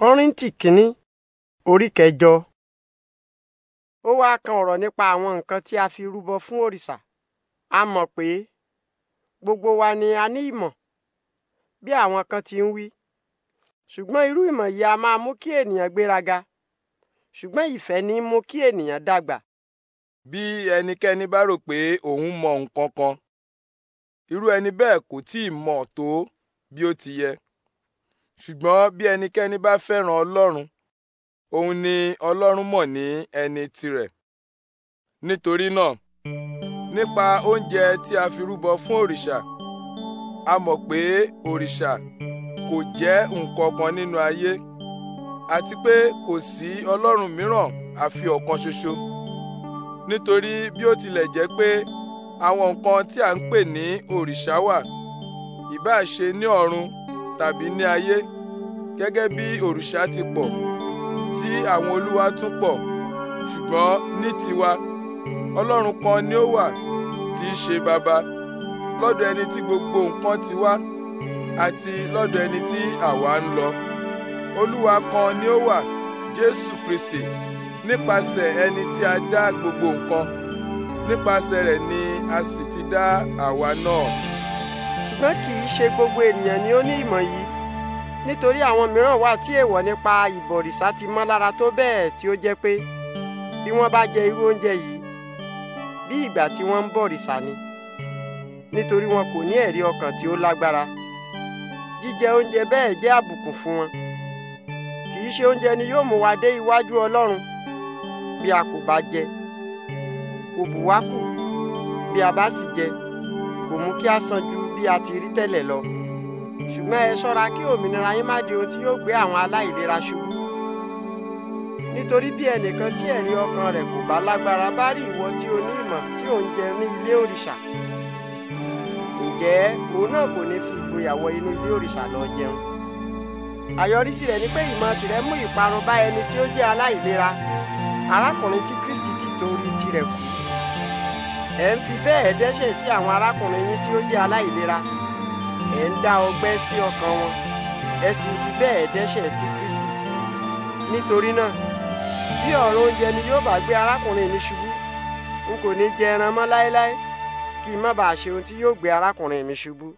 kọ́ríntì kínní orí kẹjọ. ó wáá kan ọ̀rọ̀ nípa àwọn nǹkan tí a fi rúbọ fún òrìṣà a mọ̀ pé gbogbo wa ni a ní ìmọ̀ bí àwọn kan ti ń wí ṣùgbọ́n irú ìmọ̀ yìí a máa mú kí ènìyàn gbéraga ṣùgbọ́n ìfẹ́ ní mú kí ènìyàn dàgbà. bí ẹnikẹ́ni bá rò pé òun mọ nǹkan kan irú ẹni bẹ́ẹ̀ kò tí ì mọ̀ tó bí ó ti yẹ ṣùgbọ́n bí ẹnikẹ́ni bá fẹ́ràn Ọlọ́run òun ni Ọlọ́run mọ̀ ní ẹni tirẹ̀ nítorí náà nípa oúnjẹ tí a fi rúbọ fún òrìṣà a mọ̀ pé òrìṣà kò jẹ́ nǹkan kan nínú ayé àti pé kò sí Ọlọ́run mìíràn àfi ọ̀kan ṣoṣo nítorí bí ó tilẹ̀ jẹ́ pé àwọn nǹkan tí a ń pè ní òrìṣà wà ìbáà ní ọ̀run tàbí ní ayé gẹ́gẹ́ bí òrìṣà ti pọ̀ tí àwọn olúwa tún pọ̀ ṣùgbọ́n ní tiwa ọlọ́run kan ni ó wà tí í ṣe baba lọ́dọ̀ ẹni tí gbogbo nǹkan ti wá àti lọ́dọ̀ ẹni tí àwa ń lọ olúwa kan ni ó wà jésù kristi nípasẹ̀ ẹni tí a dá gbogbo nǹkan nípasẹ̀ rẹ̀ ni a sì ti dá àwa náà ṣùgbọ́n kì í ṣe gbogbo ènìyàn ni ó ní ìmọ̀ yìí nítorí àwọn mìíràn wà tí èèwọ̀ nípa ìbọ̀rìṣà ti mọ́ lára tó bẹ́ẹ̀ tí ó jẹ́ pé bí wọ́n bá jẹ irú oúnjẹ yìí bí ìgbà tí wọ́n ń bọ̀rìṣà ni nítorí wọn kò ní ẹ̀rí ọkàn tí ó lágbára jíjẹ oúnjẹ bẹ́ẹ̀ jẹ́ àbùkù fún wọn kì í ṣe oúnjẹ ni yóò mú wa dé iwájú Ọlọ́run bí a kò bá jẹ kò bù wá kù bí a bá sì jẹ kò mú kí a sàn bí a ti rí tẹ́lẹ̀ lọ ṣùgbọ́n ẹ ṣọ́ra kí òmìnira yín má di ohun tí yóò gbé àwọn aláìlera ṣubú nítorí bí ẹnìkan tí ẹ̀rí ọkàn rẹ̀ kò bá lágbára bá rí ìwọ tí o ní ìmọ̀ tí ò ń jẹ ní ilé òrìṣà ǹjẹ́ òun náà kò ní fi ìgboyà inú ilé òrìṣà lọ jẹun àyọrísí rẹ̀ ni pé ìmọ̀ tìrẹ mú ìparun bá ẹni tí ó jẹ́ aláìlera arákùnrin tí Kristi ti torí tirẹ̀ kú ẹ̀ ń fi bẹ́ẹ̀ dẹ́ṣẹ̀ sí àwọn arákùnrin yín tí ó jẹ́ aláìlera ẹ̀ ń dá ọgbẹ́ sí ọkàn wọn ẹ sì fi bẹ́ẹ̀ dẹ́ṣẹ̀ sí Kristi nítorí náà bí ọ̀rọ̀ oúnjẹ ni yóò bá gbé arákùnrin mi ṣubú n kò ní jẹ ẹran mọ́ láéláé kí n má bàa ṣe ohun tí yóò gbé arákùnrin mi ṣubú.